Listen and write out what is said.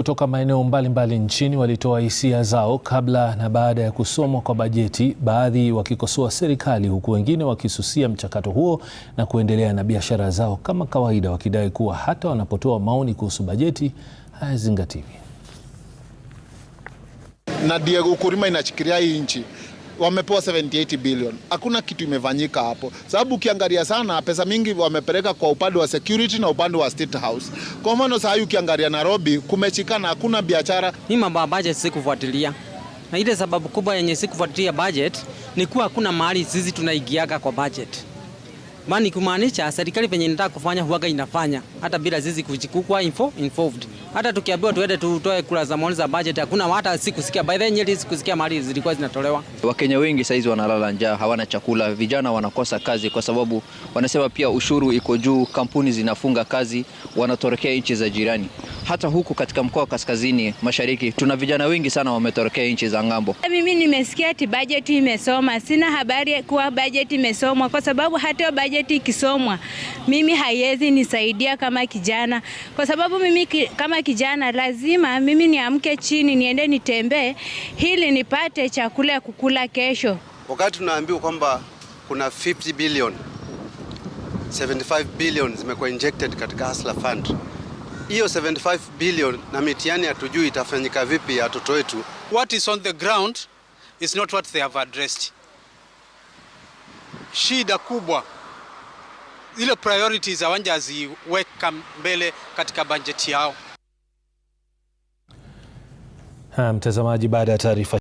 kutoka maeneo mbalimbali nchini walitoa hisia zao kabla na baada ya kusomwa kwa bajeti, baadhi wakikosoa serikali huku wengine wakisusia mchakato huo na kuendelea na biashara zao kama kawaida, wakidai kuwa hata wanapotoa maoni kuhusu bajeti hayazingatiwi. na Diego Kurima inachikiria hii nchi wamepewa 78 billion. Hakuna kitu imefanyika hapo, sababu ukiangalia sana pesa mingi wamepeleka kwa upande wa security na upande wa State House. Kwa mfano saa hii ukiangalia Nairobi kumechikana, hakuna biashara. Ni mambo ya budget sikufuatilia, na ile sababu kubwa yenye sikufuatilia budget ni kuwa hakuna mahali sisi tunaigiaga kwa budget Mani kumaanisha serikali penye inataka kufanya huaga inafanya hata bila sisi kujikukwa info involved hata tukiambiwa tuende tutoe kura za maoni za budget hakuna hata sikusikia. By the way, nyeti sikusikia mali zilikuwa zinatolewa. Wakenya wengi saizi wanalala njaa, hawana chakula, vijana wanakosa kazi kwa sababu wanasema pia ushuru iko juu, kampuni zinafunga kazi, wanatorokea nchi za jirani. Hata huku katika mkoa wa kaskazini mashariki tuna vijana wengi sana wametorokea nchi za ng'ambo. Eh, mimi nimesikia ati budget imesoma, sina habari kuwa budget imesomwa, kwa sababu hata budget ikisomwa mimi haiwezi nisaidia kama kijana, kwa sababu mimi kama kama kijana lazima mimi niamke chini niende nitembee ili nipate chakula ya kukula kesho. Wakati tunaambiwa kwamba kuna 50 billion 75 billion zimekuwa injected katika Hustler Fund. Hiyo 75 billion na mitihani hatujui itafanyika vipi ya watoto wetu. What is on the ground is not what they have addressed. Shida kubwa ile priorities hawanja mbele katika bajeti yao. Mtazamaji, baada ya taarifa